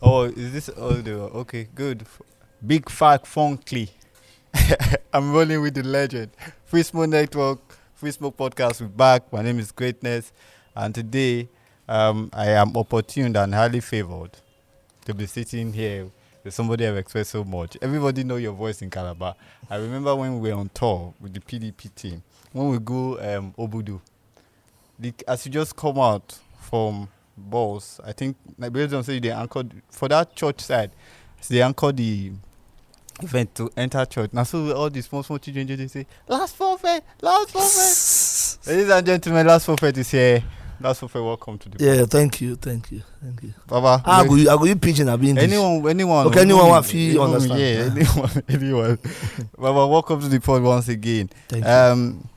Oh, is this audio? Okay, good. Big Fat Funkly. I'm rolling with the legend. Free Smoke Network, Free Smoke Podcast. We're back. My name is Greatness. And today, um, I am opportune and highly favored to be sitting here with somebody I've expressed so much. Everybody know your voice in Calabar. I remember when we were on tour with the PDP team, when we go um, Obudu, the, as you just come out from balls. I think like Belgium say they anchored for that church side. So they anchored the event to enter church. Now so all the small small children they say last forfeit, last forfeit. Ladies and gentlemen, last forfeit is here. Last what welcome to the Yeah, podcast. thank you, thank you, thank you. Baba. Ah, go you, I go you pigeon, I have been Anyone, anyone. Okay, anyone want feel understand. Yeah, yeah, anyone, anyone. Baba, welcome to the pod once again. Thank um,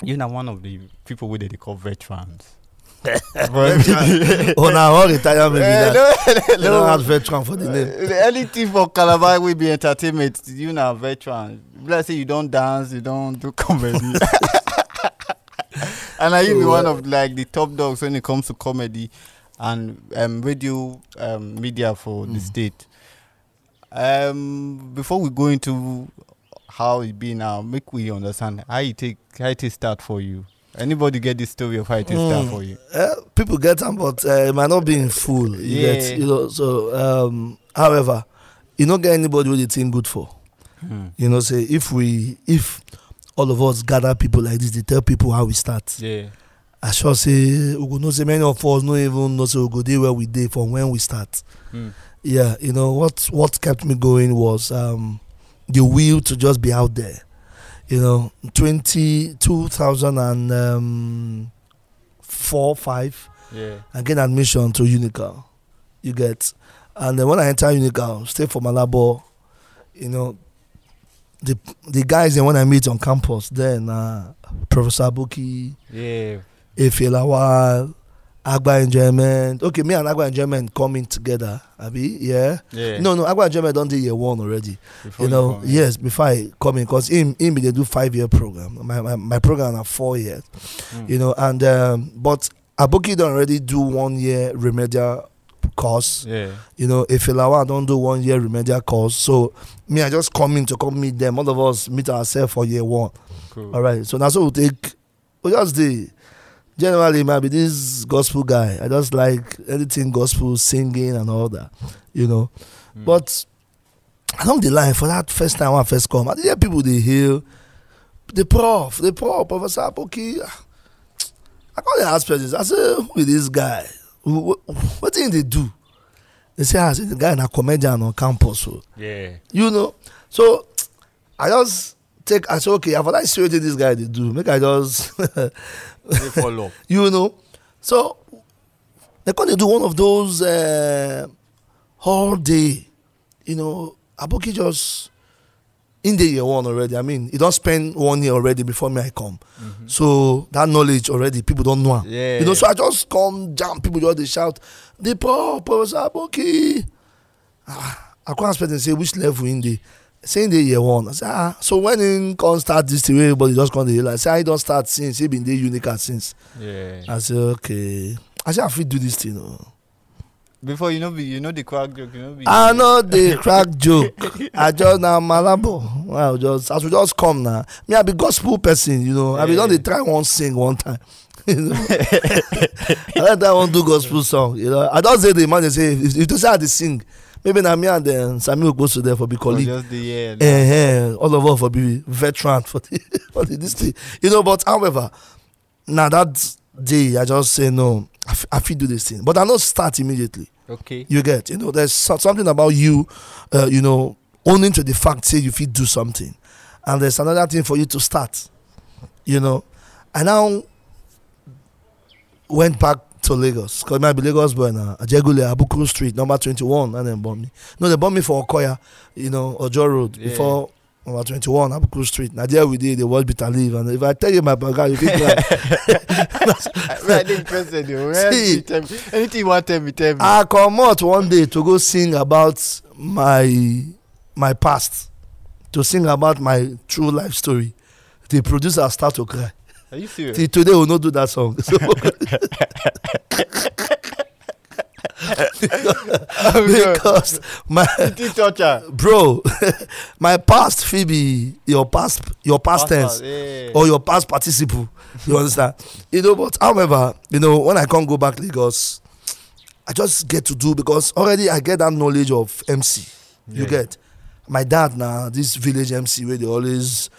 you. You know, one of the people with the call veterans. On a un retirement maybe. Eh, eh, they don't have veteran for the name. Eh, anything for Calabar will be entertainment. You know, veteran. Let's say you don't dance, you don't do comedy. and I you one uh, of like the top dogs when it comes to comedy and um, radio um, media for mm. the state. Um, before we go into how it be now, make we understand how it take how it start for you. Anybody get this story of how it is done hmm. for you? Uh, people get them, but uh, it might not be in full. You yeah. Get, you know, so, um, however, you don't get anybody with the thing good for. Hmm. You know, say if we, if all of us gather people like this, they tell people how we start. Yeah. I sure say, we go know say many of us not even know say we go there where we did from when we start. Hmm. Yeah, you know, what, what kept me going was um, the will to just be out there you know, 20, 2004, um, 5, yeah. I get admission to Unical. You get. And then when I enter Unical, stay for Malabo, you know, the the guys that when I meet on campus, then uh, Professor Abuki, yeah. Efe Lawal, Agba enjoyment. Okay, me and Agba enjoyment coming together. Abi, yeah. yeah. No, no, Agba enjoyment don't do year one already. Before you know, you yes, before I come in, cause him, him they do five year program. My my, my program are four years. Mm. You know, and um, but Aboki don't already do one year remedial course. Yeah. You know, if Ilawa don't do one year remedial course, so me I just come in to come meet them. All of us meet ourselves for year one. Cool. All right. So that's what we take. We just the generally maybe be this gospel guy i just like anything gospel singing and all that you know mm. but along the line for that first time when i first come i dey hear people they hear the prof the prof professor Apoki. Ah, i call the ask questions i say "Who is this guy What he they do they say "I ah, see the guy a comedian on campus so. Oh. yeah. you know so i just take and say, okay, I've already see this guy dey do. Make I just follow. You know, so they come to do one of those uh, all day. You know, Aboki just in the year one already. I mean, you don't spend one year already before me I come. Mm -hmm. So that knowledge already people don't know. Yeah. You know, so I just come jam people just they shout, the poor professor Aboki. Ah, I can't expect them say which level in the Since day year one i say ah so when he come start this thing wey everybody just come dey realize say i don start since he been dey at since i say okay i say i fit do this thing o. Oh. before you know be you know the crack joke you know be. i know the crack joke i just na malabo i just as we just come na me i be gospel person you know i be don dey try one sing one time i don't that one do gospel song you know i don say the man dey say if you to say i dey sing maybe na me and then Samuel to there for be colleague. Just the year. Uh, eh, eh, all of us for be veteran for, the, for the, this thing. You know, but however, now that day I just say no, I, f- I feel do this thing, but I not start immediately. Okay. You get, you know, there's something about you, uh, you know, owning to the fact say you feel do something, and there's another thing for you to start. You know, and now went back to Lagos because might be Lagos boy now. Ajegule, Abukuru Street, number 21, and then bomb me. No, they bomb me for Okoya, you know, Ojo Road yeah. before number 21, Abukuru Street. Now there we did the world bitter leave. And if I tell you my background, you think like. really interested you. See, Anything you want tell me, tell me. I come out one day to go sing about my my past, to sing about my true life story. The producer start to cry. Are you serious? Till today, we'll not do that song. So because my teacher, bro, my past Phoebe, your past, your past, past tense, yeah. or your past participle. You understand? you know, but however, you know, when I can't go back Lagos, I just get to do because already I get that knowledge of MC. Yeah. You get my dad now, this village MC where they always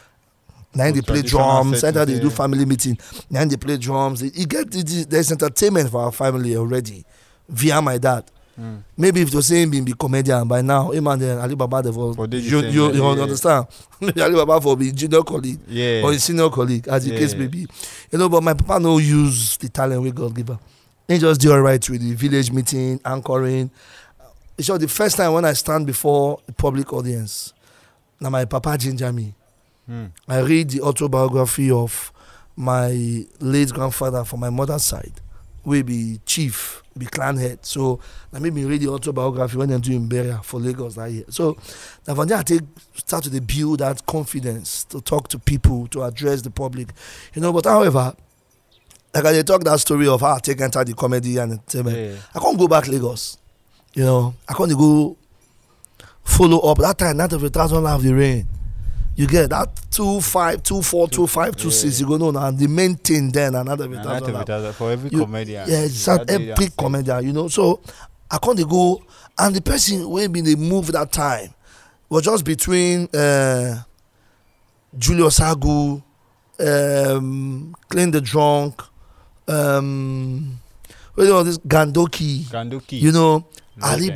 now they play drums. Now they do family meeting. Now they play drums. You get there's entertainment for our family already via my dad. Mm. Maybe if Joseph being be comedian by now, him uh, Alibaba. then Ali they you, you, you yeah, understand. Alibaba for be junior colleague yeah. or senior colleague, as the yeah. case may be. You know, but my papa no use the talent we God give him. He just do all right with the village meeting, anchoring. It's so the first time when I stand before a public audience. Now my papa ginger me. Mm. I read the autobiography of my late grandfather from my mother's side, we be chief, be clan head. So I made me read the autobiography when I'm doing burial for Lagos that year. So now when I take start to build that confidence to talk to people, to address the public. You know, but however, like I talk that story of how I take enter the comedy and entertainment. Yeah, I can't go back Lagos. You know, I can't go follow up that time, not of a thousand of the rain you get that two five, two four, two, two five, two yeah. six. You go no, now and the main thing then another bit. Another for every you, comedian. Yeah, it's every epic comedian. You know, so I can't go and the person when been they move that time was just between uh, Julius Agu, um, Clean the Drunk, um, you know this Gandoki, Gandoki, you know okay.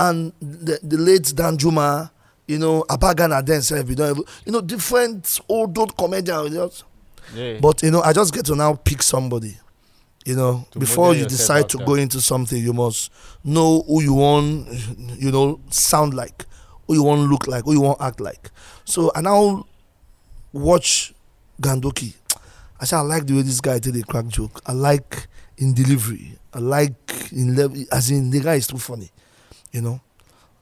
and the, the late Dan Juma you know abagana then self you know you know different old old comedians yeah. but you know i just get to now pick somebody you know to before you decide to go into something you must know who you want you know sound like who you want look like who you want act like so i now watch gandoki i say i like the way this guy did a crack joke i like in delivery i like in level as in the guy is too funny you know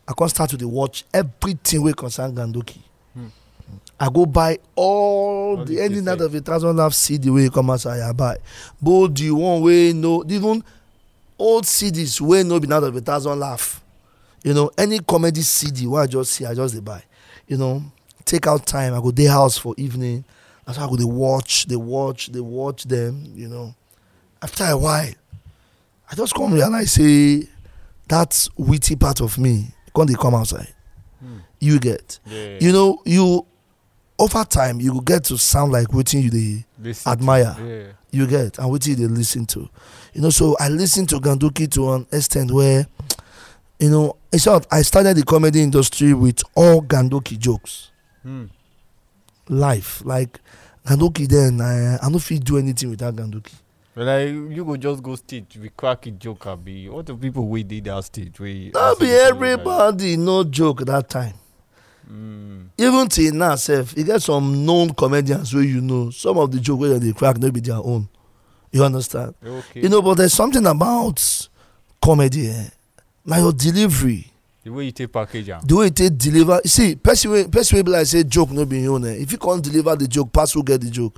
i come start to dey watch everything wey concern gandoki i go buy all, all the any night of a thousand half cd wey come outside i buy both the one wey no even old cds wey no be night of a thousand laugh you know any comedy cd wey i just see i just dey buy you know take out time i go dey house for evening that's how i go dey watch dey watch dey watch them you know after a while i just come realize say that witty part of me When they come outside hmm. you get yeah, yeah, you know you over time you get to sound like what you dey admire yeah. you get and what you listen to you know so i listened to ganduki to an extent where you know it's not i started the comedy industry with all ganduki jokes hmm. life like ganduki then i i not fit do anything without ganduki But like you go just go stage we crack it joke abi what the people wey dey that stage wey. no be everybody no joke that time. Mm. even till now sef e get some known comedians wey you know some of the joke wey dem dey crack no be their own you understand. Okay. you know but there's something about comedy eh na your delivery. the way you take package am. the way you take deliver see person wey person wey be like say joke no be him own eh if you come deliver the joke pass who get the joke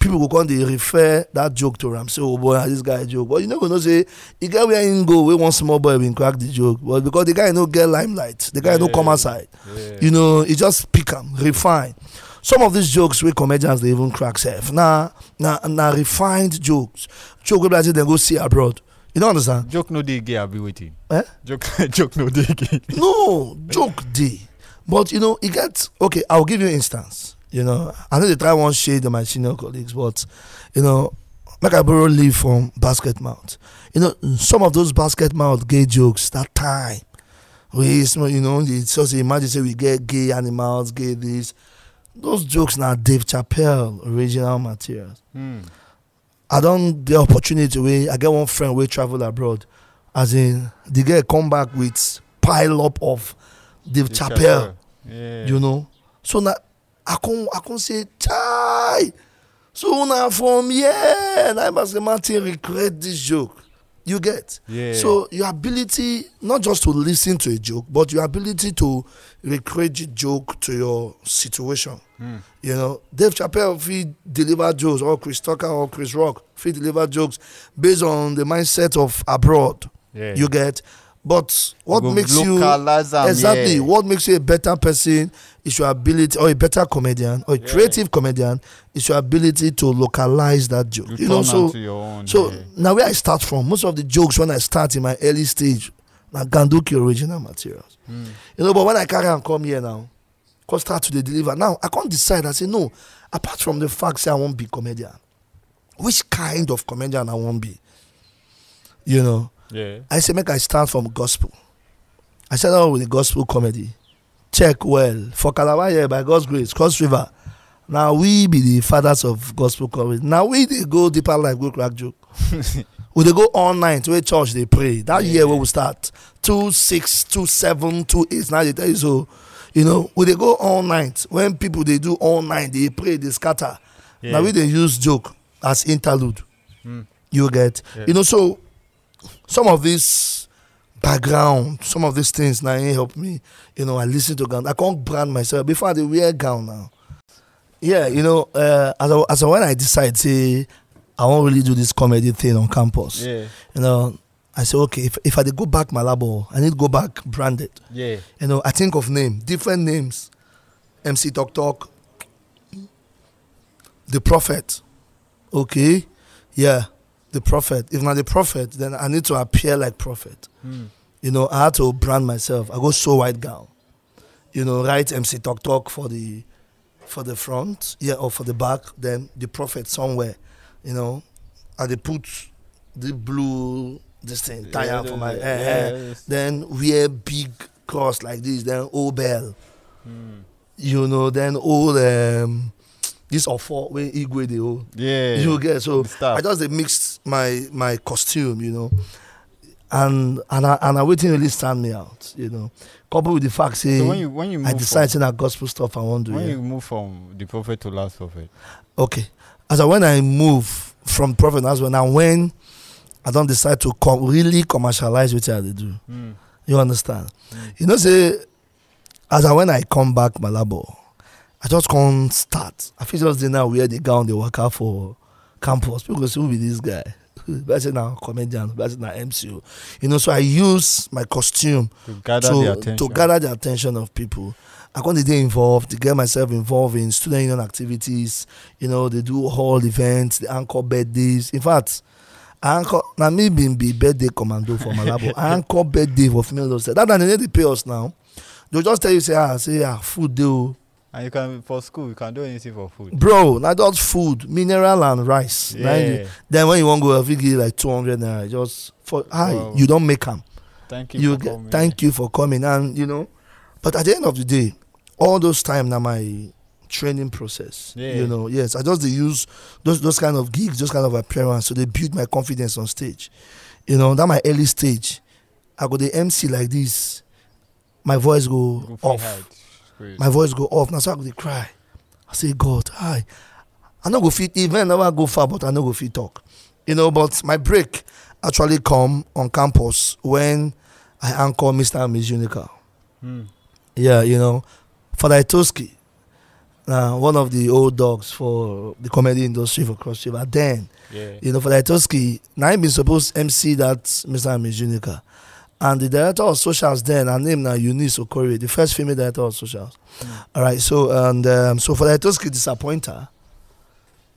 people go come dey refer that joke to am say oh boy this guy joke but you no go know say e get where him go wey one small boy bin crack the joke but because the guy no get limelight the guy yeah, no come outside yeah. you know e just pick am refine some of these jokes wey comedians dey even crack sef na na na refined jokes joke wey be like say dem go see abroad you no understand. joke no dey gay abi wetin. Eh? joke joke no dey gay. no joke dey but you know e get okay i will give you instance You know, I know they try one shade on my senior colleagues, but you know, make I borrow leave from basket mouth. You know, some of those basket mouth gay jokes that time. We you know, it's just imagine say we get gay animals, gay this. Those jokes now Dave Chappelle original materials. Mm. I don't the opportunity where I get one friend we travel abroad. As in the guy come back with pile up of Dave, Dave Chappelle. Chappelle. Yeah. You know? So now I can I come say, Chai! So now from yeah, I must say, Martin regret this joke. You get? Yeah. So your ability, not just to listen to a joke, but your ability to recreate the joke to your situation. Mm. You know, Dave Chappelle, if he deliver jokes, or Chris Tucker, or Chris Rock, if he deliver jokes based on the mindset of abroad. Yeah. You get? But what makes you exactly yeah. what makes you a better person is your ability, or a better comedian, or a yeah. creative comedian is your ability to localize that joke. You, you know, so own, so yeah. now where I start from, most of the jokes when I start in my early stage, now like Ganduki original materials. Mm. You know, but when I carry and come here now, cause start to the deliver now, I can't decide. I say no. Apart from the fact, say I won't be comedian. Which kind of comedian I won't be, you know. Yeah. I say, make I stand from gospel. I said, oh, with the gospel comedy. Check well. For Calabar by God's grace, Cross River, now we be the fathers of gospel comedy. Now we they go deeper like go crack joke. we they go all night where church they pray. That yeah. year where we start, two six two seven two eight. now they tell you so. You know, we they go all night. When people they do all night, they pray, they scatter. Yeah. Now we they use joke as interlude. Mm. You get. Yeah. You know, so some of this background, some of these things now ain't help me. You know, I listen to gown. I can't brand myself before the wear gown now. Yeah, you know, uh, as a, as when I decide say I won't really do this comedy thing on campus. Yeah. You know, I say okay, if if I go back my labo, oh, I need to go back branded. Yeah. You know, I think of name, different names. MC Talk Talk, The Prophet. Okay? Yeah the prophet. If not the prophet, then I need to appear like prophet. Mm. You know, I had to brand myself. I go so white gown. You know, write MC Talk Talk for the for the front, yeah, or for the back, then the prophet somewhere. You know, and they put the blue this thing yeah, up for my yeah, hair. Then wear big cross like this. Then old bell. Mm. You know, then old um, this or four when Igwe dey hold. Yeah. You get so I just mixed my my costume, you know. And and I and I waiting really stand me out, you know. Coupled with the fact say so when you, when you I decided from, that gospel stuff I want to When yeah. you move from the prophet to last prophet. Okay. As I when I move from prophet that's when I when I don't decide to com- really commercialize which I do. Mm. You understand? Mm. You know, say as I when I come back Malabo, I just can't start. I feel just now wear the gown they work out for campus. People say, who be this guy? Better now comedian, better now MCU. You know, so I use my costume to gather, to, the, to gather the attention of people. I got the day involved to get myself involved in student union activities. You know, they do hall events, the anchor birthdays. In fact, anchor now me been be birthday commando for Malabo. anchor birthday for female doctor. That they need to pay us now. They'll just tell you say ah say ah food deal oh and you can for school you can do anything for food. bro na just food mineral and rice. yeah you, then when you wan go fit give you like two hundred naira just for hi wow. you don make am. thank you, you for coming thank you for coming and you know but at the end of the day all those time na my training process. Yeah. You know, yes, I just they use those those kind of gigs, those kind of appearance, so they build my confidence on stage. You know, that my early stage, I go the MC like this, my voice go, go off my voice go off. Now so I go cry. I say, God, I, I no go fit even I never go far, but I no go fit talk. You know, but my break actually come on campus when I anchor Mr. and Miss Unica. Mm. Yeah, you know, Father Itoski, uh, one of the old dogs for the comedy industry for Cross River. Then, yeah. you know, Father Itoski, now I'm supposed MC that Mr. and Miss Unica and the director of socials then her name now Eunice Okori the first female director of socials mm. all right so and um, so for the disappoint disappointer,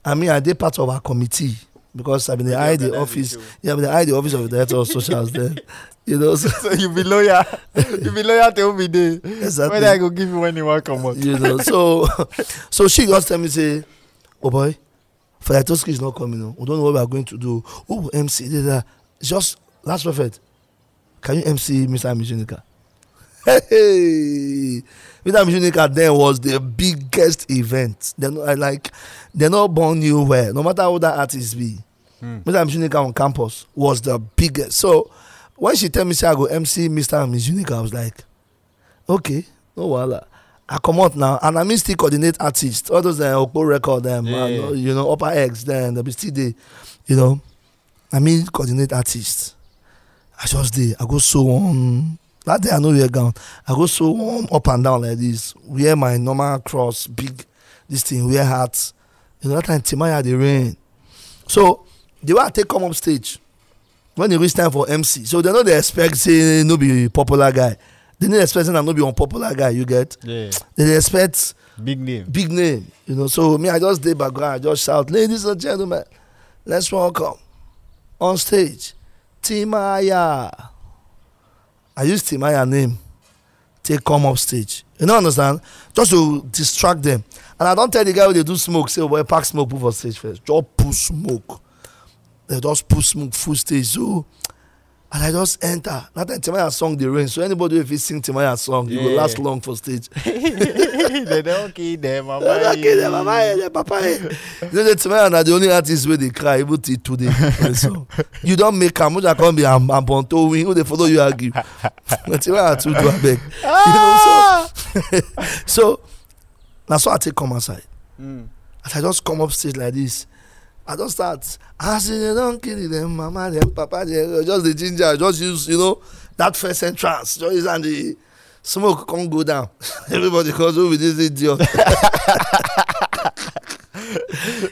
I mean I did part of our committee because I been mean, eye the office yeah I been the office of the director of socials then you know so, so you be lawyer you be lawyer till me dey exactly whether I go give you when you wan comot you know so so she just tell me say oh boy for Etosuke is not coming oh. we don't know what we are going to do who oh, MC just last prophet can you MC Mr. Mijunika? Hey, Mr. Mijunika then was the biggest event. They're not like they're not born new where, no matter who that artist be. Mm. Mr. Mijunika on campus was the biggest. So when she tell me say I go MC Mr. Mijunika, I was like, okay, no wala. I come out now and I mean still coordinate artists. All those uh, Okpo record them, um, yeah, yeah. you know, upper X then they be still the, you know. I mean coordinate artists. I just did. I go so warm That day I no wear gown. I go so warm up and down like this. Wear my normal cross, big, this thing, wear hats. You know, that time Timaya the rain. So, the way I take come up stage, when it e reach time for MC, so they know dey expect say no be popular guy. They no expect say na no be unpopular guy, you get? Yeah. They expect big name. Big name. You know, so me, I just did. background, I just shout, ladies and gentlemen, let's welcome on stage. Timaya. I used Timaya name take come up stage. You know, understand? Just to distract them. And I don't tell the guy when they do smoke, say, oh, boy, pack smoke, put for stage first. Just put smoke. They just put smoke full stage. So, and I just enter. That Timaya song the rain. So anybody if you sing Timaya song, yeah. you will last long for stage. they don kill them mama they don kill them mama ye papa ye you know timaya na the only artist where they cry even till today so you don't make am muja come be a bonto win who dey follow you argue But timaya ah, too do abeg you know so so now so i take come outside mm. as i just come up stage like this i just start as in don kill them mama them papa them just the ginger just use you know that first entrance just and the smoke can't go down. Everybody calls who with this idiot.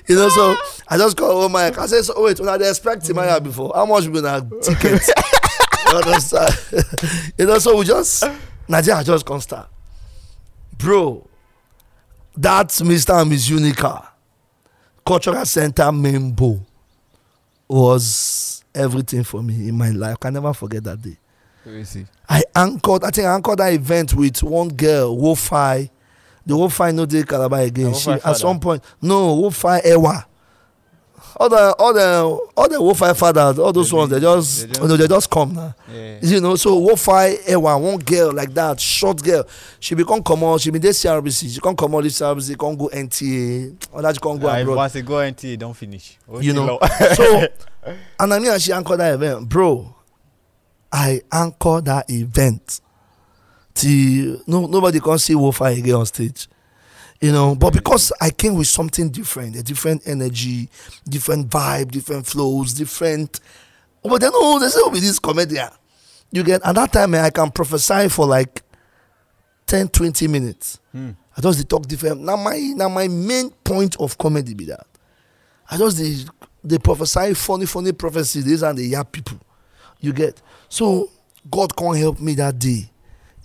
you know, so I just call oh my I say, so wait, when I expect Timaya before, how much we gonna ticket? you understand? you know, so we just Nigeria just can't start. Bro, that's Mr. and Miss Unica. Cultural Center Membo was everything for me in my life. I never forget that day. Crazy. I anchored, I think I anchored that event with one girl, Wofi. The Wofi no dey Calabar again. She, at some point, no, Wofi Ewa. All the, all the, all the Wofi fathers, all those they ones, they just, they just, you they just come now. Yeah. You know, so Wofi Ewa, one girl like that, short girl, she become come come she be dey CRBC, she come come out this CRBC, come go NTA, or that she come go uh, abroad. Once they go NTA, don't finish. What you know, so, and I mean, she anchored that event, bro. I anchor that event till no, nobody can see Wofa again on stage. You know, but because I came with something different, a different energy, different vibe, different flows, different. Oh, but then, oh, they say, oh, with this comedian. You get, at that time, eh, I can prophesy for like 10, 20 minutes. Mm. I just talk different. Now my now my main point of comedy be that. I just they they prophesy funny funny prophecies. These are the young people. You get so God can't help me that day.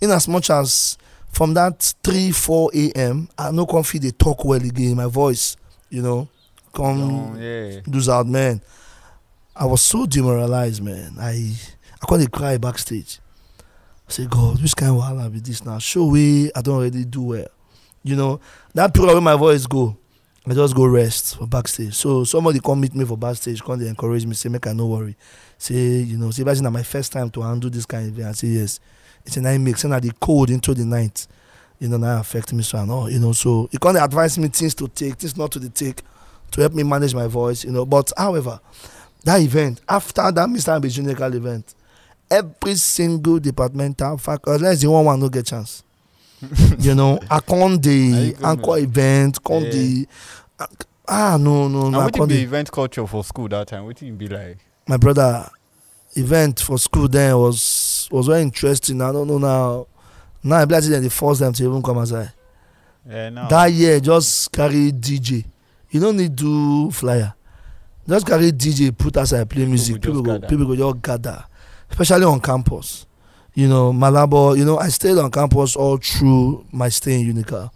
In as much as from that 3, 4 a.m., I no can feel they talk well again. My voice, you know, come oh, yeah. out, man. I was so demoralized, man. I I couldn't cry backstage. I say, God, which kind of wahala be this now? Show way I don't really do well. You know, that period when my voice go, I just go rest for backstage. So somebody come meet me for backstage, come they encourage me, say, make I no worry. say you know say na my first time to handle this kind of thing i say yes it's a na mix, make say na the cold into the night you know na affect me so and all you know so e con dey advise me things to take things not to dey take to help me manage my voice you know but however that event after that mr abe clinical event every single departmental faculty uh, unless the one one no get chance you know i con dey anchor event con the ah no no no and wetin be event culture for school that time wetin e be like my brother event for school then was was very interesting i don't know now now i be like say dem dey force dem to even come outside yeah, no. that year just carry dj you no need do flyer just carry dj put outside play music people go gather. people go just gather especially on campus you know malabo you know i stayed on campus all through my stay in unical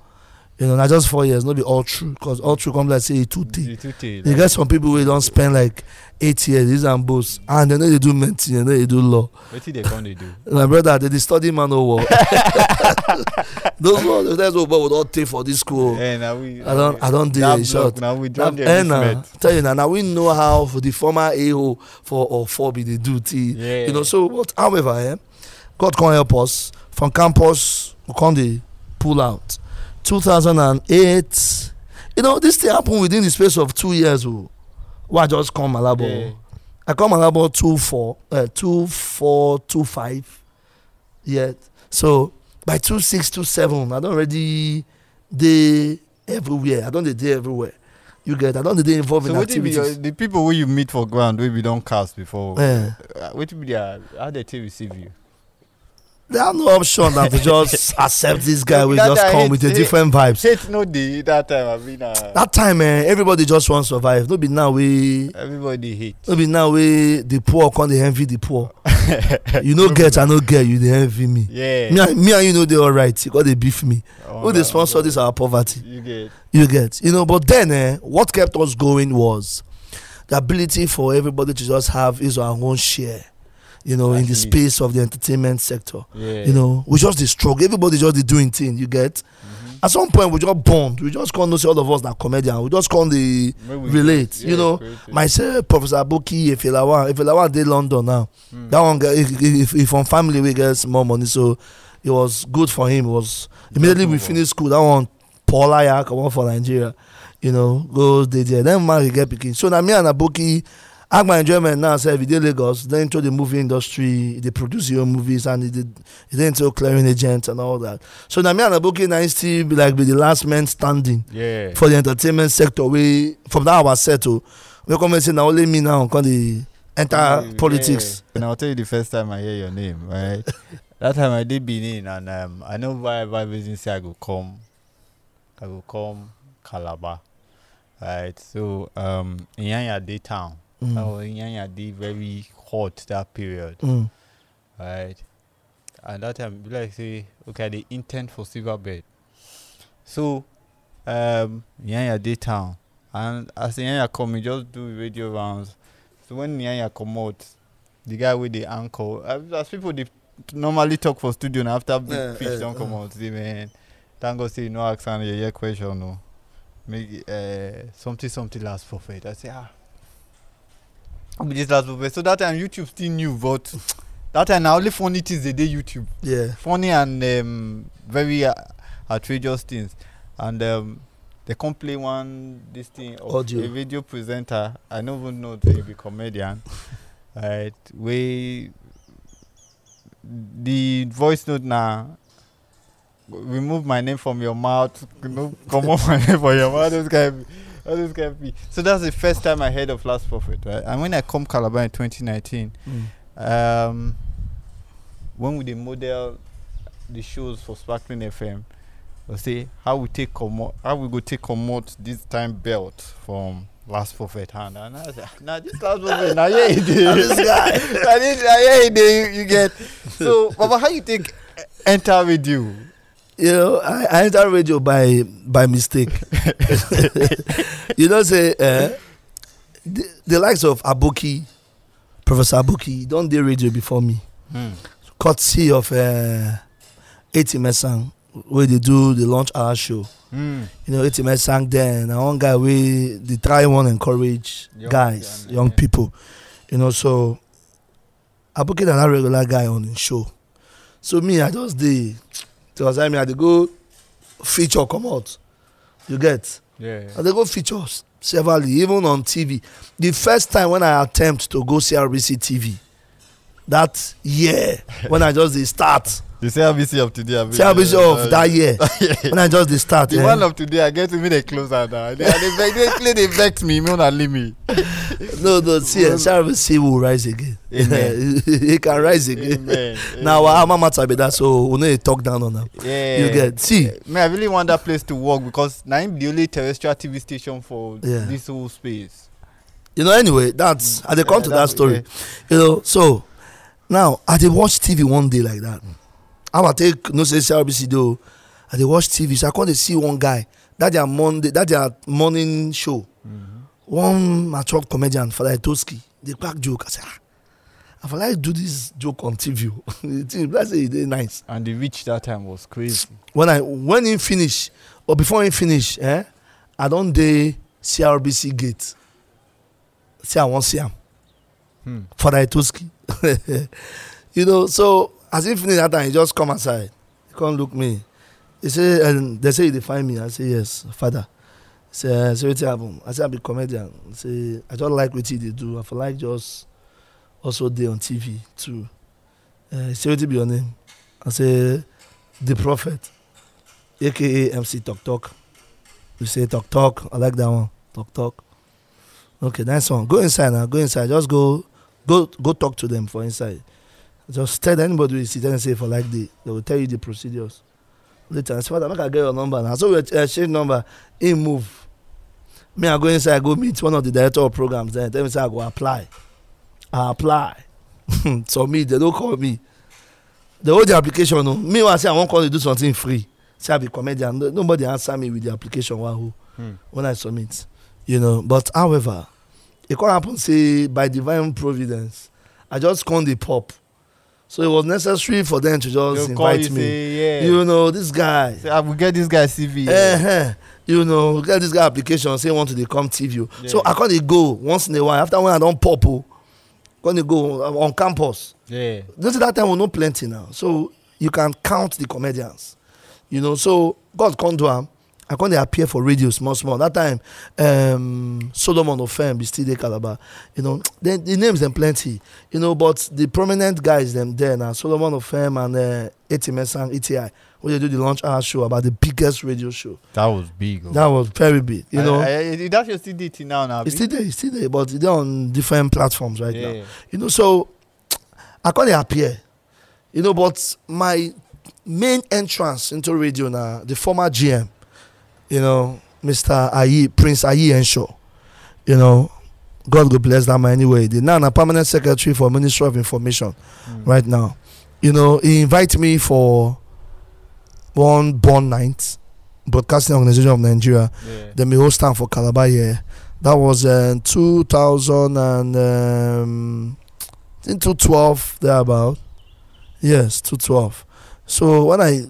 you know not just four years Not be all true because all true come let's say two too you get some people who don't spend like eight years These am boast and then they do medicine and then they do law wetin they come to do my brother they dey study man o war those ones those old boy we take for this school And eh, na we, i don i don't do short Now we drop dey na eh, tell you now, now we know how for the former aho for or four be they do till yeah. you know so what? however eh, god can help us from campus we can't pull out. 2008. You know, this thing happened within the space of two years. Oh, well, I just come Malabo. Yeah. I come Malabo two four, uh, two four, two five. Yet, so by two six, two seven, I don't already day everywhere. I don't day everywhere. You get. I don't day involved so in activities. So the people who you meet for ground, we don't cast before. Yeah. Uh, wait, be their how they receive you? There are no option than to just accept this guy will just come hate, with a different vibes. Hate no day that time. I mean, uh, that time, man. Eh, everybody just wants to survive. No be now we. Everybody hate. No be now we. The poor can't envy the poor. you no get, I no get. You they envy me. Yeah. Me, me and you know they all right. You got they beef me. Oh, Who they sponsor this our poverty? You get. You get. You know, but then eh, what kept us going was the ability for everybody to just have his or her own share you know, Actually. in the space of the entertainment sector. Yeah. You know, we just the struggle. Everybody just the doing thing. You get. Mm-hmm. At some point, we just bond. We just can't see all of us that comedian. We just can't the relate. Yeah, you know, creative. myself, Professor if Efelawa, Efelawa did London now. Mm. That one, if, if, if on family, we get more money, so it was good for him. It was immediately we finished school. That one, Paul I come on for Nigeria. You know, go there. Then man, we get picking. So now me and Aboki Agma enjoyment now self, they Lagos, Then into the movie industry, they produce your movies and they, they, they into clearing agents and all that. So now me and Abuki now still be like be the last man standing yeah. for the entertainment sector. We from that our settle. Oh, we come and say now only me now can the enter yeah, politics. And I'll tell you the first time I hear your name, right? that time I did Benin and um, I know why why business I go come I go come Calabar. Right. So um in Yanya Day town. Mm. Oh, Nyanya did very hot that period. Mm. Right? And that time, like say, okay, the intent for silver bed. So, um, Nyanya did town. And as Nyanya come, we just do radio rounds. So when Nyanya come out, the guy with the ankle, as people they normally talk for studio and after big yeah, fish don't come uh. out, see, man. Tango say, no accent, yeah, yeah, question, no. Make uh, something, something last for faith. I say, ah be last so that time youtube still new but that time na only funny things dey dey youtube yeah. funny and um, very uh, outrageous things and um, they come play one this thing Audio. a video presenter i no even know say he be comedian right wey the voice note na remove my name from your mouth you know comot my name from your mouth those kind of all So that's the first time I heard of Last Prophet, right? And when I come Calabar in 2019, mm. um, when we the model the shows for Sparkling FM, we say how we take commo- how we go take mode this time belt from last prophet hand and I said, ah, nah this last prophet now yeah he did this guy now yeah he did you, you get so Baba how you think? Eh, enter with you you know i i enter radio by by mistake you know say uh, the, the likes of Abuki, professor don't do radio before me hmm. courtesy of uh, eh, etimesan where they do the launch hour show hmm. you know etimesan then na one guy we the try wan encourage young guys young, young yeah. people you know so Abuki na that regular guy on the show so me i just did to assign me i dey go feature out, you get yeah i dey go features severally even on tv the first time when i attempt to go CRBC tv that year when I just dey start. the say of today. ABC, say ABC of uh, that year when I just dey start. The eh? one of today I get even dey close am now. They dey vex they dey me me una leave me. No no see eh shall will rise again. Amen. he can rise again. Amen. Na our alma mater be that so we need to talk down on am. Yeah. You get see. Eh, me I really want that place to work because now im be the only terrestrial TV station for yeah. this whole space. You know anyway that's I they come yeah, to that, that story. Yeah. You know so. now i dey watch tv one day like that how i take know say crbc dey o i dey watch tv so i come dey see one guy that their that their morning show one mature comedian fela Toski. dey crack joke i say ah i for like do this joke on tv oh. the thing like say e dey nice and the reach that time was crazy when i when he finish or before he finish eh i don dey crbc gate say i wan see am hmm. Father Ituski. you know, so as he finished that time, he just come aside. He come look me. He say, and um, they say they find me. I say, yes, Father. He say, eh, so what happen? I say, I be comedian. He say, I just like what he they do. I feel like just also they on TV too. Uh, he say, what be your name? I say, the prophet, aka MC Talk Talk. You say Talk Talk. I like that one. Talk Talk. Okay, nice one. Go inside now. Go inside. Just go go go talk to them for inside. Just tell anybody we sit and say for like the They will tell you the procedures. Later, I said, Father, make I get your number now. So we exchange number. He move. Me, I go inside, I go meet one of the director of programs. Then tell me, say, I go apply. I apply. so me, they don't call me. They hold the application. No. Me, I say, I won't call you do something free. Say, I be comedian. Nobody answer me with the application. Wahoo. Hmm. When I submit. You know, but however, It could happen say by divine providence i just come dey pop so it was necessary for them to just They'll invite me say, yeah. you know this guy so i will get this guy cv yeah. you know get this guy application say want to dey come tv yeah. so i come go once in a while after when i don't pop o come go on campus yeah. don't say that time we know plenty now so you can count the comedians you know so god come do am I come they appear for radio small small. That time, um, Solomon of Fame is still there Calabar. You know, then the names them plenty. You know, but the prominent guys them there now Solomon of Fame and uh, ATMS ETI. When they do the launch hour show about the biggest radio show. That was big. Okay. Oh. That was very big. You know, I, I, that show still it now now. It's still there, it's still there, but they're on different platforms right yeah. now. You know, so I come they appear. You know, but my main entrance into radio now, the former GM you know, Mr. Ayi, Prince Ayi Ensho. You know, God will bless that man anyway. The now a permanent secretary for Ministry of Information mm. right now. You know, he invited me for one born night, Broadcasting Organization of Nigeria. Yeah. Then we host time for Calabar here. That was uh, in 2000 and um, into 12 thereabout. Yes, 2012. So when I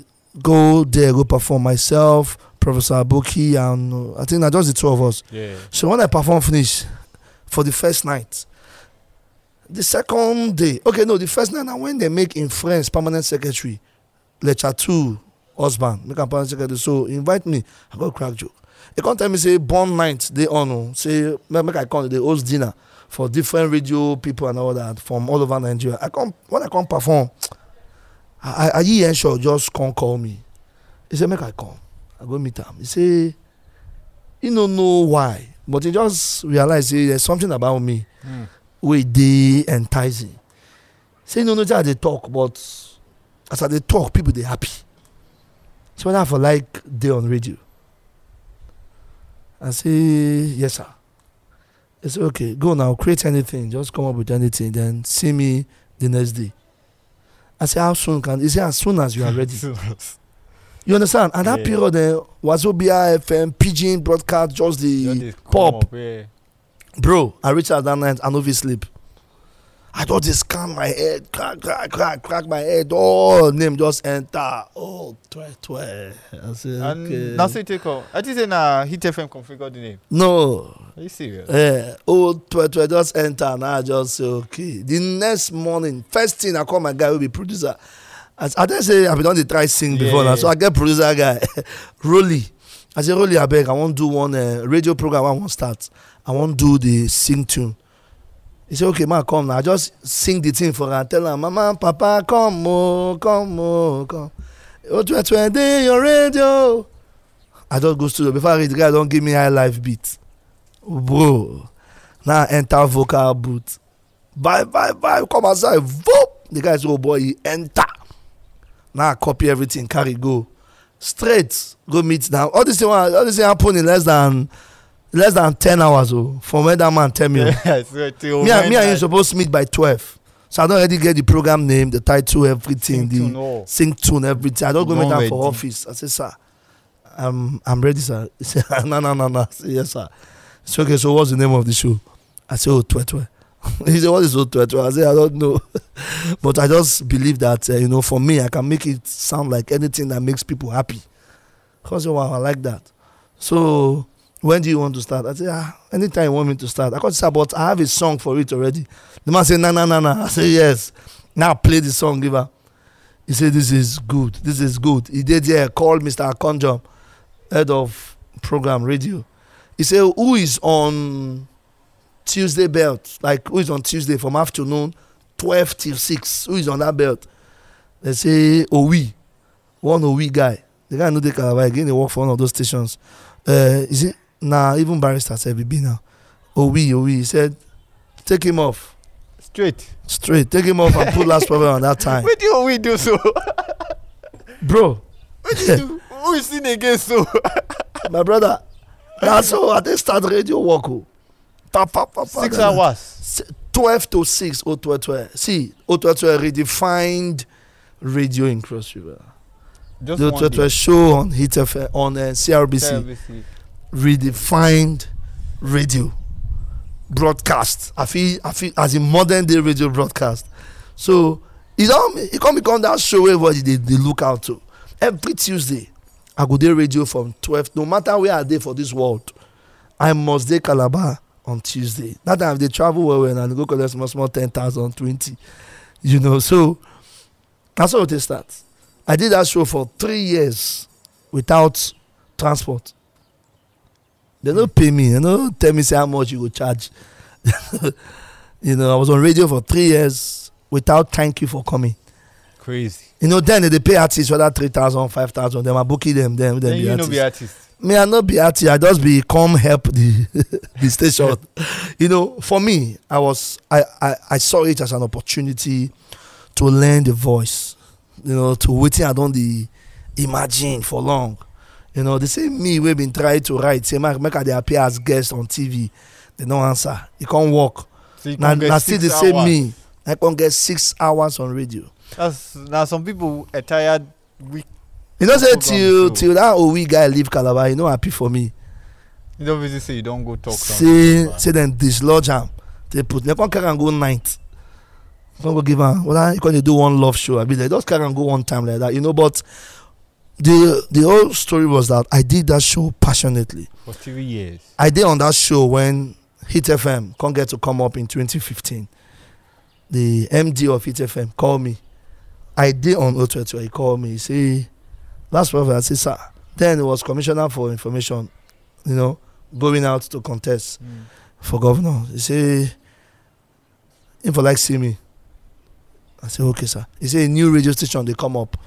go there, go perform myself, Professor Abuki, and uh, I think I just the two of us. Yeah. So when I perform finish for the first night, the second day, okay, no, the first night And when they make in France permanent secretary, lecture two, husband, make a permanent secretary. So invite me, I go crack joke. They come tell me say born night dey on, oh, say make I come, They host dinner for different radio people and all that from all over Nigeria. I come when I come perform, Ayi Ensure just come call me. He say make I come i go meet am he say he no know why but he just realize say there's something about me mm. wey dey enticing say he no know say i dey talk but as i dey talk people dey happy so whether i for like dey on radio i say yes sir he say okay go now create anything just come up with anything then see me the next day i say how soon can he say as soon as you are ready you understand At that period eh wazobia fm pidgin broadcast just dey pop bro i reach out that night i no fit sleep i just dey scan my head crack crack crack crack my head all name just enter oh twe twe i say okay and na so you take off i think say na hit fm configure the name no are you serious yeah oh twe twe just enter and just say okay the next morning first thing i call my guy wey be producer As, I didn't say I've done the try sing before yeah, now. So I get producer guy, Rolly. I said, Rolly, I beg, I want do one uh, radio program. I want start. I want do the sing tune. He said, okay, man, come now. I just sing the thing for her. Tell her, Mama, Papa, come, oh, come, oh, come. Oh, 2020, your radio. I just go studio. Before I read the guy, don't give me high life beat. Bro. Now enter vocal booth. Bye, bye, bye. Come outside. Voop. The guy said, oh boy, he enter. now I copy everything, carry go. Straight, go meet now. All this thing, all this thing happened in less than less than 10 hours oh, from where that man tell me. Oh. Yeah, me, me and you supposed to meet by 12. So I don't already get the program name, the title, everything, sing the tune, oh. sing tune, everything. I don't go no meet him for office. I say, sir, I'm, I'm ready, sir. He said, ah, no, no, no, no. Say, yes, sir. It's okay, so what's the name of the show? I say, oh, Twe Twe. he said, What is Otuetu? I said, I don't know. but I just believe that, uh, you know, for me, I can make it sound like anything that makes people happy. Because, oh, wow, I like that. So, when do you want to start? I said, ah, anytime you want me to start. I got said, but I have a song for it already. The man said, no, no, no, no. I said, yes. Now play the song, give her. He said, this is good. This is good. He did, yeah, called Mr. Akonjo, head of program radio. He said, who is on Tuesday belt, like who is on Tuesday from afternoon 12 till 6, who is on that belt? They say Owi, one Owi guy. The guy know they can buy again, they work for one of those stations. Uh, is it? Nah, even barrister said, be now. Owi, Owi, he said, take him off. Straight. Straight. Take him off and put last problem on that time. What do we do so? Bro. What do you do? Who is in again, so? My brother. That's how I they start radio work. Oh. Six hours. 12 to 6 au 12 See, au 12 redefined radio in Cross River. Just the oh, show on Hit FM, on uh, CRBC. CRBC. Redefined radio broadcast. I feel, I feel as a modern day radio broadcast. So it all it come become that show where they, they look out to. Every Tuesday, I go there radio from 12. No matter where I day for this world, I must day Calabar on Tuesday. That time they travel well, and go collect small, small 10,000, 20, you know. So that's how they start. I did that show for three years without transport. They don't pay me, they know, tell me say how much you will charge. you know, I was on radio for three years without thank you for coming. Crazy. You know, then they pay artists whether 3,000, 5,000, them are booking them, them. then, then you know be artists. me i no be arty i just be come help the the station you know for me i was I, I i saw it as an opportunity to learn the voice you know to wetin i don dey imagine for long you know the same me wey been try to write say make i dey appear as guest on tv they no answer e come work na na still the same me i come get six hours on radio. that's na some people a tired week you know say till till that owi guy leave calabar e no happy for me you don't visit say you don go talk say say dem dislodge am say put dem come carry am go night come go give am whether you come dey do one love show abi like just carry am go one time like that you know but the the whole story was that i did that show passionately for three years i dey on that show when hit fm come get to come up in 2015 the md of hit fm call me i dey on o22 he call me he say Last what I said, sir. Then it was commissioner for information, you know, going out to contest mm. for governor. He said, if for like see me. I say, okay, sir. He say, new radio station, they come up,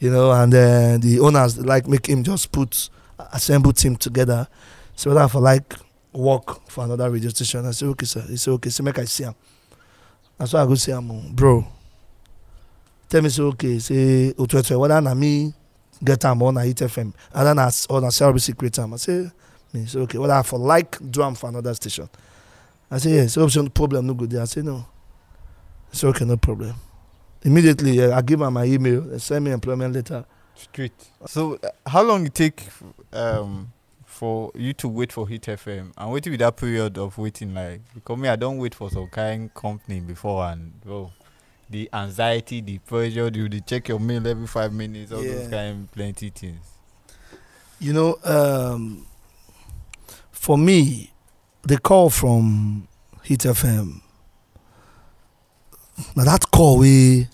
you know, and then uh, the owners like make him just put, assemble team together. So that for like work for another radio station. I say, okay, sir. He say, okay, so make I see him. That's why I go see him, oh, bro. Tell me, say, okay, say, Otwetwe, i na me get am on hit fm and then as on the service create am i say me say okay well i for like drum for another station i say yes Option problem no good. there i say no i say okay no problem immediately i give am my email they send me employment letter. straight so uh, how long it take um, for you to wait for hit fm and waiting be that period of waiting like because me i don't wait for some kind company before and well the anxiety, the pressure, you the check your mail every five minutes, all yeah. those kind plenty things. You know, um, for me, the call from Hit FM. Now that call we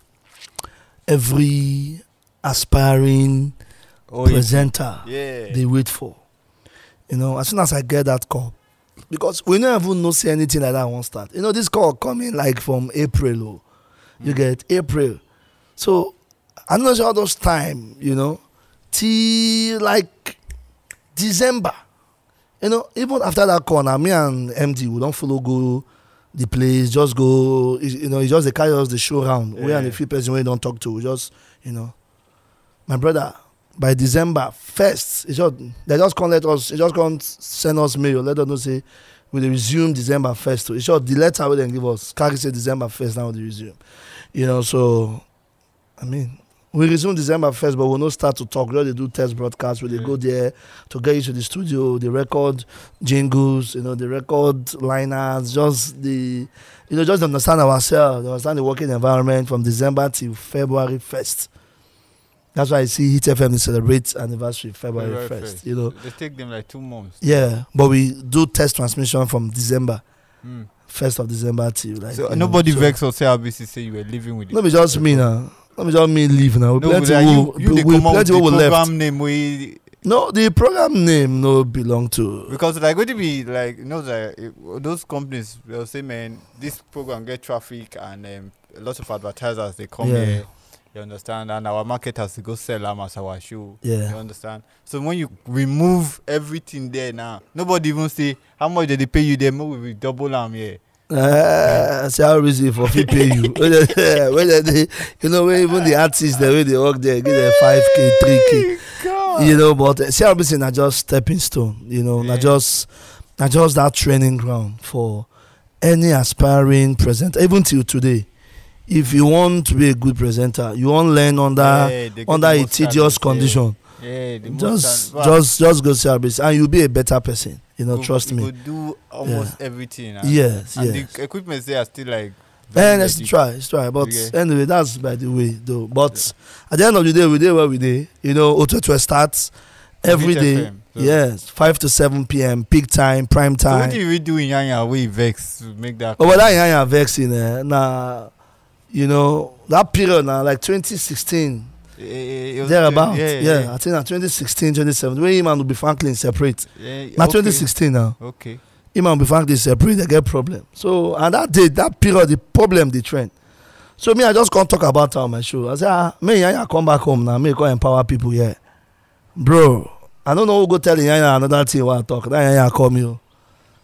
every aspiring oh, presenter yeah. they wait for. You know, as soon as I get that call, because we never even know see anything like that one start. You know, this call coming like from April. Oh, you get April. So I'm not sure those time, you know, till like December. You know, even after that corner, me and MD we don't follow go the place, just go you know, it's just the carry us the show round. Yeah. We and a few person we don't talk to, we just you know. My brother, by December first, it's just they just can't let us they just can't send us mail, let us know say we resume December first. It's just the letter we then give us. Carry say December first now we resume. You know, so I mean, we resume December first, but we'll not start to talk. We already do test broadcasts where they mm. go there to get you to the studio, the record jingles, you know, the record liners, just the you know, just understand ourselves, understand the working environment from December to February first. That's why I see Hit FM celebrates anniversary February first. You know, they take them like two months. Yeah, but we do test transmission from December. Mm first of December till like. So nobody know, vex or say ABC say you were living with. Let me just me now. Let me just me leave now. No, plenty who, you, you we, left. Program name we. No, the program name no belong to. Because like going to be like you know like, eh, those companies will say man this program get traffic and um, lots of advertisers they come yeah. here You understand? And our market has to go sell them as our shoe. Yeah. You understand? So when you remove everything there now, nobody even say how much did they pay you there, maybe we double them here. Uh, eh, say how for fee pay you when they you know when even the artists the way they work there get a five k three k you know but uh, eh, crpc na just stepping stone you know yeah. na just na just that training ground for any aspiring present, even till today if you want to be a good presenter you wan learn under yeah, under a tedious condition yeah, just just just go see arbitration and you be a better person you know go, trust me. you go do almost yeah. everything. And, yes and yes. the equipment there are still like. Eh, let's try, let's try. But okay. anyway, that's by the way, though. But yeah. at the end of the day, we did where we did. You know, Ototo starts every day. so. Yes, five to seven p.m. peak time, prime time. So what do we do in Yanya? We vex to make that. Oh, well, that Yanya vexing eh? nah you know that period now like 2016 yeah, thereabout yeah, yeah, yeah, i think na 2016 2017 wey him and obi franklin separate Yeah, okay. 2016 now okay. him and obi franklin separate they get problem so and that day that period the problem dey trend so me i just come talk about am on my show i say ah may yanya come back home now may come empower people here bro i no know who go tell yanya another thing wey i talk that yanya call me o oh.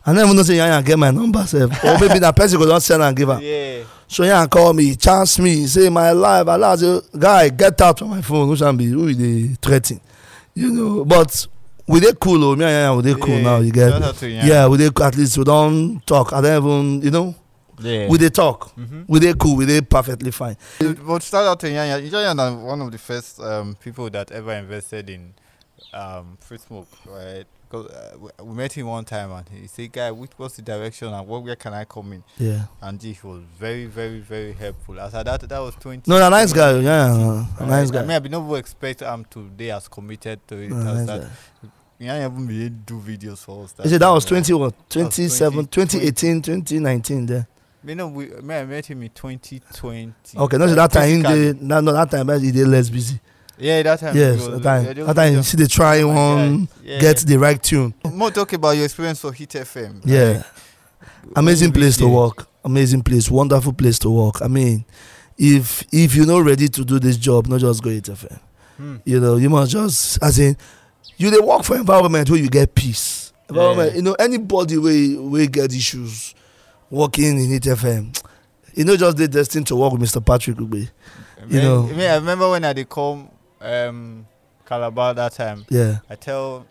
i no even know say yanya get my number sef or maybe na person go don send am give am. Yeah. So yeah, call me, chance me, say my life. allow the guy, get out from my phone. Who shall be? who is the threatening. You know, but we they cool, oh, me yeah, Yaya, we cool yeah, now, you get to, yeah. yeah, we they, at least we don't talk. I don't even, you know, yeah. we they talk. Mm-hmm. We they cool, we they perfectly fine. But shout out to Yaya. Yaya is one of the first um, people that ever invested in um, free smoke, right? Cause uh, we met him one time and he said, "Guy, which was the direction and where can I come in?" Yeah. And he was very, very, very helpful. As I that that was twenty. No, a nice guy. Yeah, uh, nice guy. I mean, I never expect him um, to be as committed to it no, as nice that. Guy. Yeah, even we do videos for us. That you see, that was 20 what? 27, 20, 2019 there. You know, we, man, I met him in 2020. Okay, not that time, he did, no, no, that time he did less busy. Yeah, that time. Yes, that time. That time, you see try oh yeah, get yeah. the right tune. More talk about your experience for Hit FM. Yeah, like, amazing place to work. Amazing place, wonderful place to work. I mean, if if you're not ready to do this job, not just go Hit FM. Hmm. You know, you must just as in you they work for environment where you get peace. Environment, yeah. you know, anybody we we get issues working in Hit FM, you know, just they destined to work with Mr. Patrick Ube. You know, I, mean, I remember when I did come um, Calabar that time. Yeah. I tell,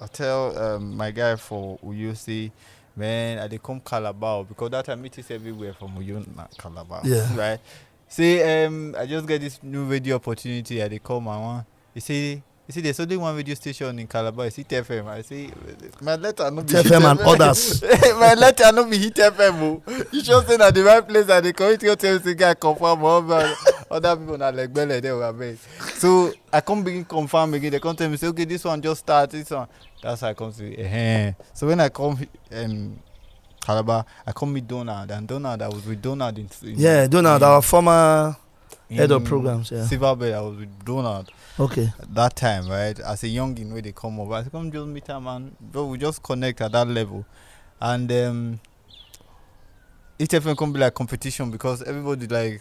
I tell um, my guy for UC, man, I they come Calabar because that time it is everywhere from Uyun Calabar. Yeah. Right. See, um, I just get this new radio opportunity. I they call my one. You see. You see, there's only one radio station in Calabar. It's Hit FM. I see my letter not be Hit and others. my letter not be Hit FM. Oh. You sure say na the right place and the committee community hotel to get confirm all oh, other people na like belle there were oh, beg. So I come begin confirm again. They come tell me say, okay, this one just start. This one. That's how I come to. Uh-huh. So when I come. Um, Calabar, I come meet Donald, and Donald, I was with Donald in, in yeah, Donald, in, our former in head of programs, yeah, Silver Bay. I was with Donald, Okay. That time, right? As a youngin when they come over, I said, come just meet her man. But we just connect at that level. And um it definitely can be like competition because everybody like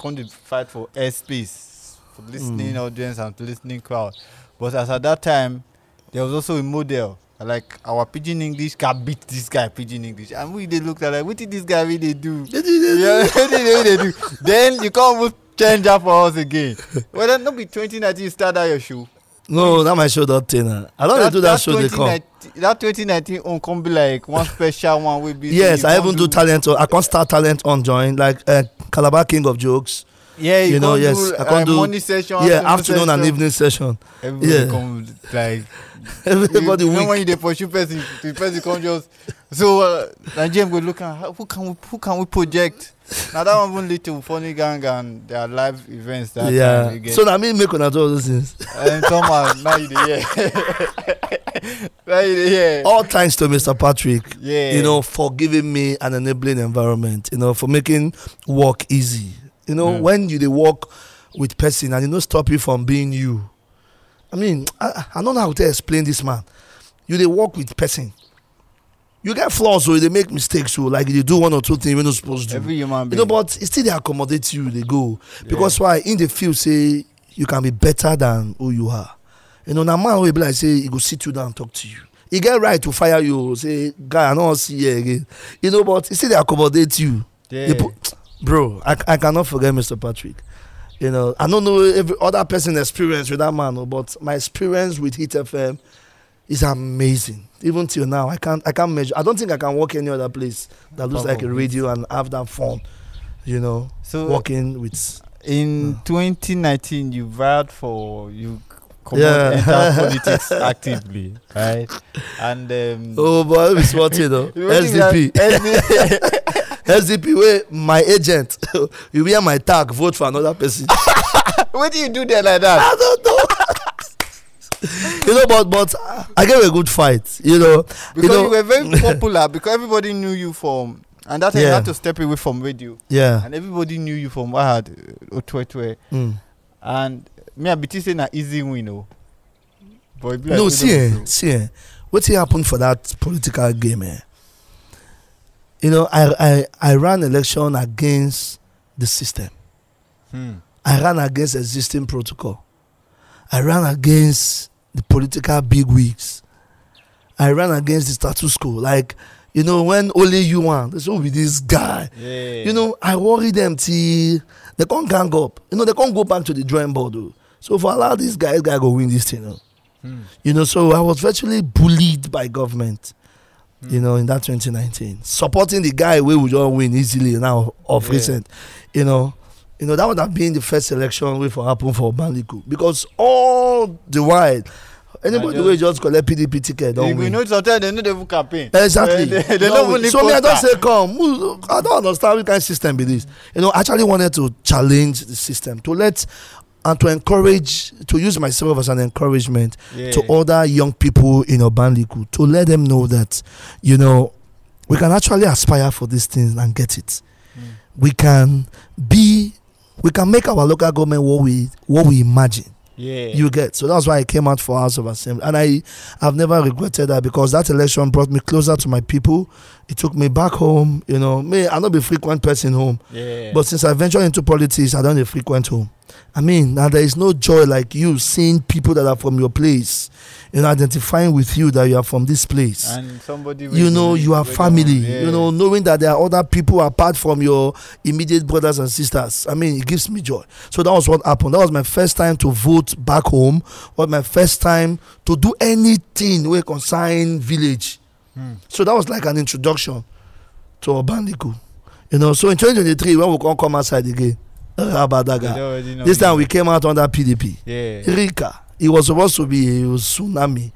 come to fight for airspace for listening mm. audience and listening crowd. But as at that time, there was also a model like our pidgin English can beat this guy pidgin English, and we they looked at like what did this guy really do? do? Then you come with. change that for us again. Well, then, not be 2019 you start that your shoe. No, that my show don't ten. Ah. I don't that, do that, that show. They come. That 2019 on come be like one special one will be. Yes, I even do, do talent. On, I can't start talent on join like uh, Calabar King of Jokes. Yeah, you, you know, yes, I can um, do morning session, yeah, afternoon, session. and evening session. Everybody yeah. come like everybody. You, you know when they pursue person, the person just so uh, Nigerian go look at who can we who can we project. now that one even to funny gang and their live events that yeah. so I mean make on do all those things. And eh, somehow now you dey hear. now you hear. All thanks to Mr. Patrick. Yeah. You know for giving me an enabling environment. You know for making work easy You know, mm. when you they walk with person and you e no stop you from being you. I mean, I, I don't know how to explain this man. You they walk with person. You get flaws, so oh, they make mistakes, so oh, like you do one or two things you're not supposed to. Every human being. You know, but e still they accommodate you, they e go. Because yeah. why in the field say you can be better than who you are. You know, now man will be like say he go sit you down talk to you. He get right to fire you, oh, say, guy, I don't see you again. You know, but still they accommodate you. Yeah. put, bro, I, I cannot forget Mr. Patrick. You know, I don't know every other person experience with that man, oh, but my experience with Hit FM is amazing. Even till now, I can't I can't measure. I don't think I can work any other place that looks like a radio and have that phone. You know, so working with. Uh, in uh, 2019, you vowed for you come yeah. enter politics actively, right? And um, oh boy, it's oh. what you know, SDP. SDP wey my agent you wear my tag vote for another person. what do you do there like that. I don't know. you know but but I gave a good fight you know. Because you, know, you were very popular because everybody knew you from and that's time yeah. you had to step away from radio. Yeah. And everybody knew you from I had uh, twa twa. Hmm. And me abiti say na easy win o. Oh. But no see see eh, eh happened for that political game eh you know, I, I, I ran election against the system. Hmm. I ran against existing protocol. I ran against the political bigwigs. I ran against the status quo. Like, you know, when only you want, this will be this guy. Yeah. You know, I worry them till they can't gang up. You know, they can't go back to the drawing board. Though. So for a lot of guy, guys, guy go win this thing. You know? Hmm. you know, so I was virtually bullied by government. Mm. You know, in that 2019, supporting the guy where we just win easily now of yeah. recent, you know, you know that would have been the first election way for happen for Baliku because all the while anybody wey just collect pdp ticket don win. you know sometimes they no dey even campaign. exactly they, they, they so me i don say come i don understand which kind of system be this you know i actually wanted to challenge the system to let and to encourage to use myself as an encouragement yeah. to other young people in Obanliku to let them know that you know we can actually aspire for these things and get it. Mm. We can be we can make our local government what we what we imagine. Yeah. You get. So that's why I came out for House of Assembly. And I I've never regretted that because that election brought me closer to my people. It took me back home, you know. Me, i not be frequent person home. Yeah. But since I ventured into politics, I don't frequent home. I mean, now there is no joy like you seeing people that are from your place you identifying with you that you are from this place. And somebody, you know, you are family. Yeah. You know, knowing that there are other people apart from your immediate brothers and sisters. I mean, it gives me joy. So that was what happened. That was my first time to vote back home. Was my first time to do anything we consign village. Hmm. So that was like an introduction to Obandiku. You know, so in 2023, when we come outside again, uh, about that guy. This time we came out under PDP. Yeah. Rika. it was supposed to be a tsunami,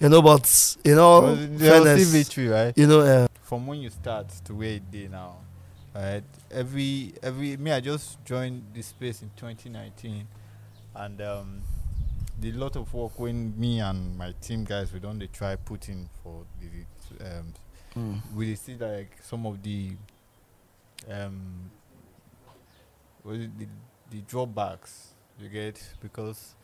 you know. But you know, fairness, victory, right? You know, uh, from when you start to where it is now, right? Every every me, I just joined this space in 2019, and um, did a lot of work when me and my team guys we don't they try putting for the um, mm. we see like some of the um, the, the drawbacks you get because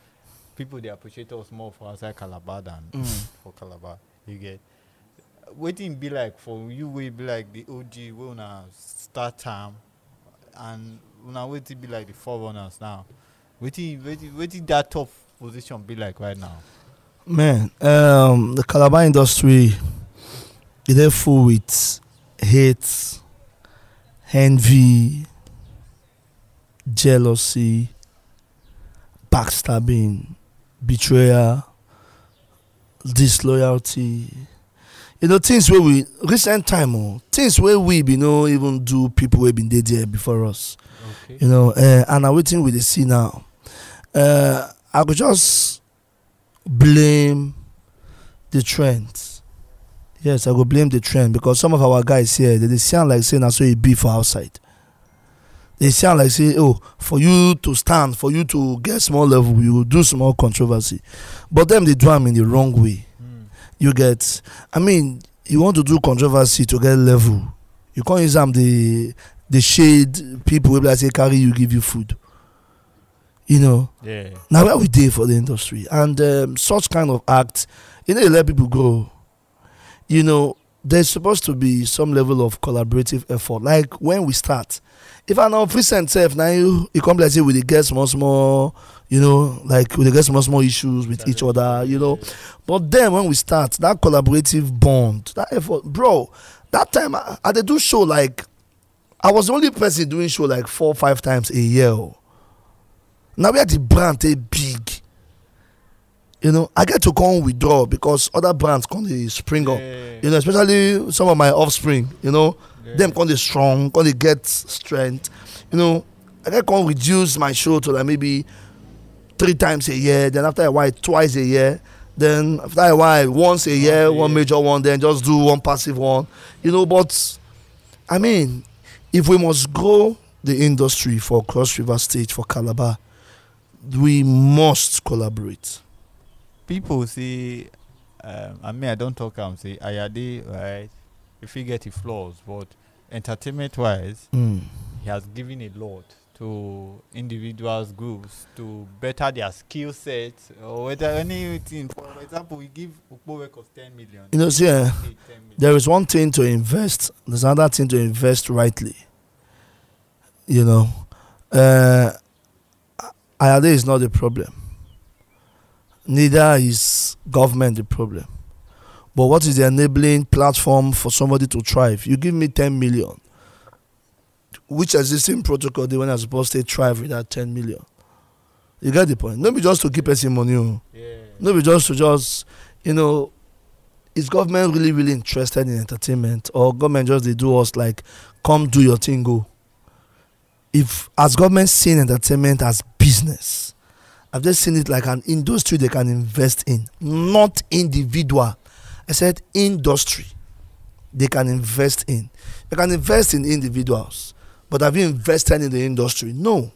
people they appreciate us more for outside Calabar than mm. for Calabar. You get waiting be like for you will be like the OG we wanna start time and now waiting be like the forerunners now. Waiting waiting waiting that top position be like right now. Man, um, the Calabar industry is full with hate, envy, jealousy, backstabbing betrayal, disloyalty. You know, things where we, recent time, oh, things where we, you know, even do people who been there before us. Okay. You know, uh, and I'm waiting with the see now. Uh, I could just blame the trends. Yes, I could blame the trend because some of our guys here, they, they sound like saying I saw it be for outside. They sound like say oh for you to stand for you to get small level you do small controversy but them they do them in the wrong way mm. you get i mean you want to do controversy to get level you can't use them the the shade people will like say carry you give you food you know yeah. Now where we do for the industry and um, such kind of act you know dey let people go. you know there's supposed to be some level of collaborative effort. Like when we start, if I know present self now you, you come it say with the guests more small, you know, like with the guests more small issues with that each is other, you know. But then when we start that collaborative bond, that effort, bro. That time I, I do show like I was the only person doing show like four five times a year. Oh. Now we had the brand a big you know, I get to go and withdraw because other brands come they spring up. Yeah. You know, especially some of my offspring, you know, yeah. them come they strong, come they get strength. You know, I get come reduce my show to like maybe three times a year, then after a while twice a year, then after a while once a year, one major one, then just do one passive one. You know, but I mean, if we must grow the industry for Cross River State for Calabar, we must collaborate people say, um, I mean, I don't talk. I'm say Ayade, right? If you get the flaws, but entertainment-wise, mm. he has given a lot to individuals, groups to better their skill sets or whether anything. For example, we give Okpo Records 10 million. You know, see, yeah, there is one thing to invest, there's another thing to invest rightly. You know, uh, Ayade is not the problem neither is government the problem. But what is the enabling platform for somebody to thrive? You give me 10 million. Which existing protocol they when I supposed to thrive without 10 million? You get the point. Not be just to keep person money. Oh. Yeah. Not be just to just, you know, is government really, really interested in entertainment? Or government just they do us like, come do your thing, go. If as government seen entertainment as business, I've just seen it like an industry they can invest in, not individual. I said industry they can invest in. They can invest in individuals, but have you invested in the industry? No.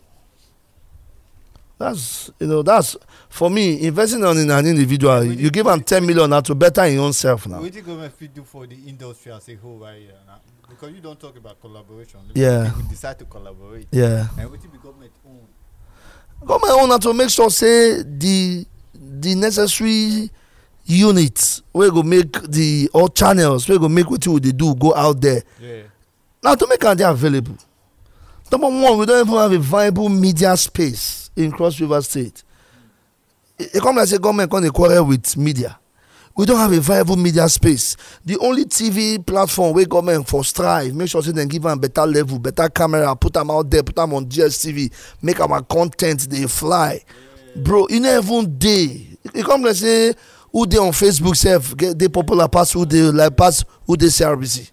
That's you know that's for me investing on in an individual. you give them ten million now to better your own self now. What do government do for the industry as a whole right here now? Because you don't talk about collaboration. Yeah. People decide to collaborate. Yeah. And what do government own? government own na to make sure say the the necessary units wey go make the all channels wey go make wetin we dey do go out there yeah. na to make am dey available number one we don even have a viable media space in cross river state e, e come like say government come dey quarrel with media we don have a viable media space the only tv platform wey government for strive make sure say dem give am better level better camera put am out there put am on dstv make our content dey fly bro e no even dey e come like say who dey on facebook sef dey popular pass who dey like pass who dey crbc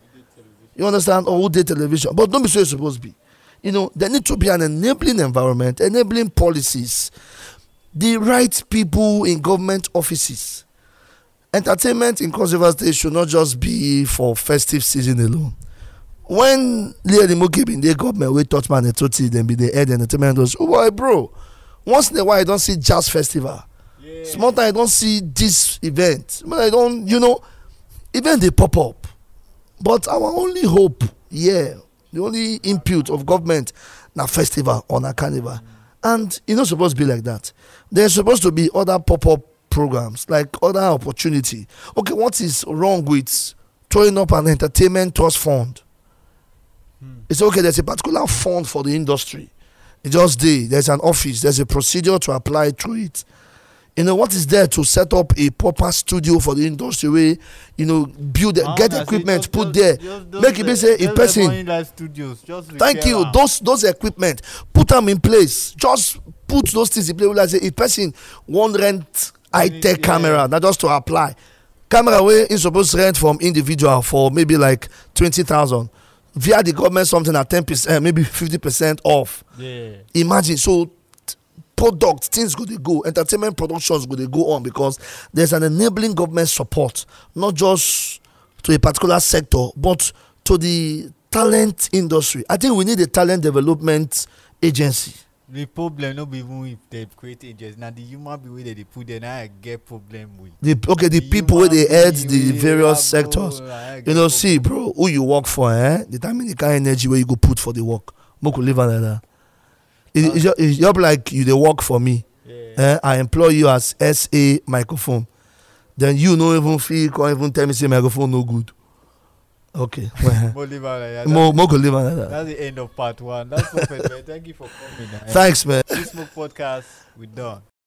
you understand or who dey television but no be so e suppose be you know there need to be an enabling environment enabling policies the right people in government offices entertainment in Cross State should not just be for festive season alone. When the Muki been there, government we touch man and toti, then be the head entertainment Those, oh boy, bro. Once in a while, I don't see jazz festival. Yeah. Small time, I don't see this event. But I don't, you know, even they pop up. But our only hope, yeah, the only input of government, na festival or na carnival. And it's not supposed to be like that. There's supposed to be other pop up programs, like other opportunity. Okay, what is wrong with throwing up an entertainment trust fund? Hmm. It's okay, there's a particular fund for the industry. just there, there's an office, there's a procedure to apply to it. You know, what is there to set up a proper studio for the industry where, you know, build, get equipment, just, put just, there, just, make it be say a person. Thank you. Those those equipment, put them in place. Just put those things in place. Like say a person won't rent high-tech camera not just to apply camera wey you to rent from individual for maybe like 20000 via the government something at 10 percent maybe 50 percent off imagine so products things go dey go entertainment productions go dey go on because there's an enabling government support not just to a particular sector but to the talent industry i think we need a talent development agency the problem no be even if dem create angels na the human being wey they dey put there na i get problem with. the okay the, the people wey dey head the various sectors you know see bro who you work for eh determine the kind energy wey you go put for the work make we leave am like that e e e just like you dey work for me yeah. eh i employ you as sa microphone then you no even fit come even tell me say microphone no good Okay. More, Libanaya. Mo Mo Libanaya. That's the end of part one. That's perfect, man. Thank you for coming. Thanks, man. This Smoke Podcast, we're done.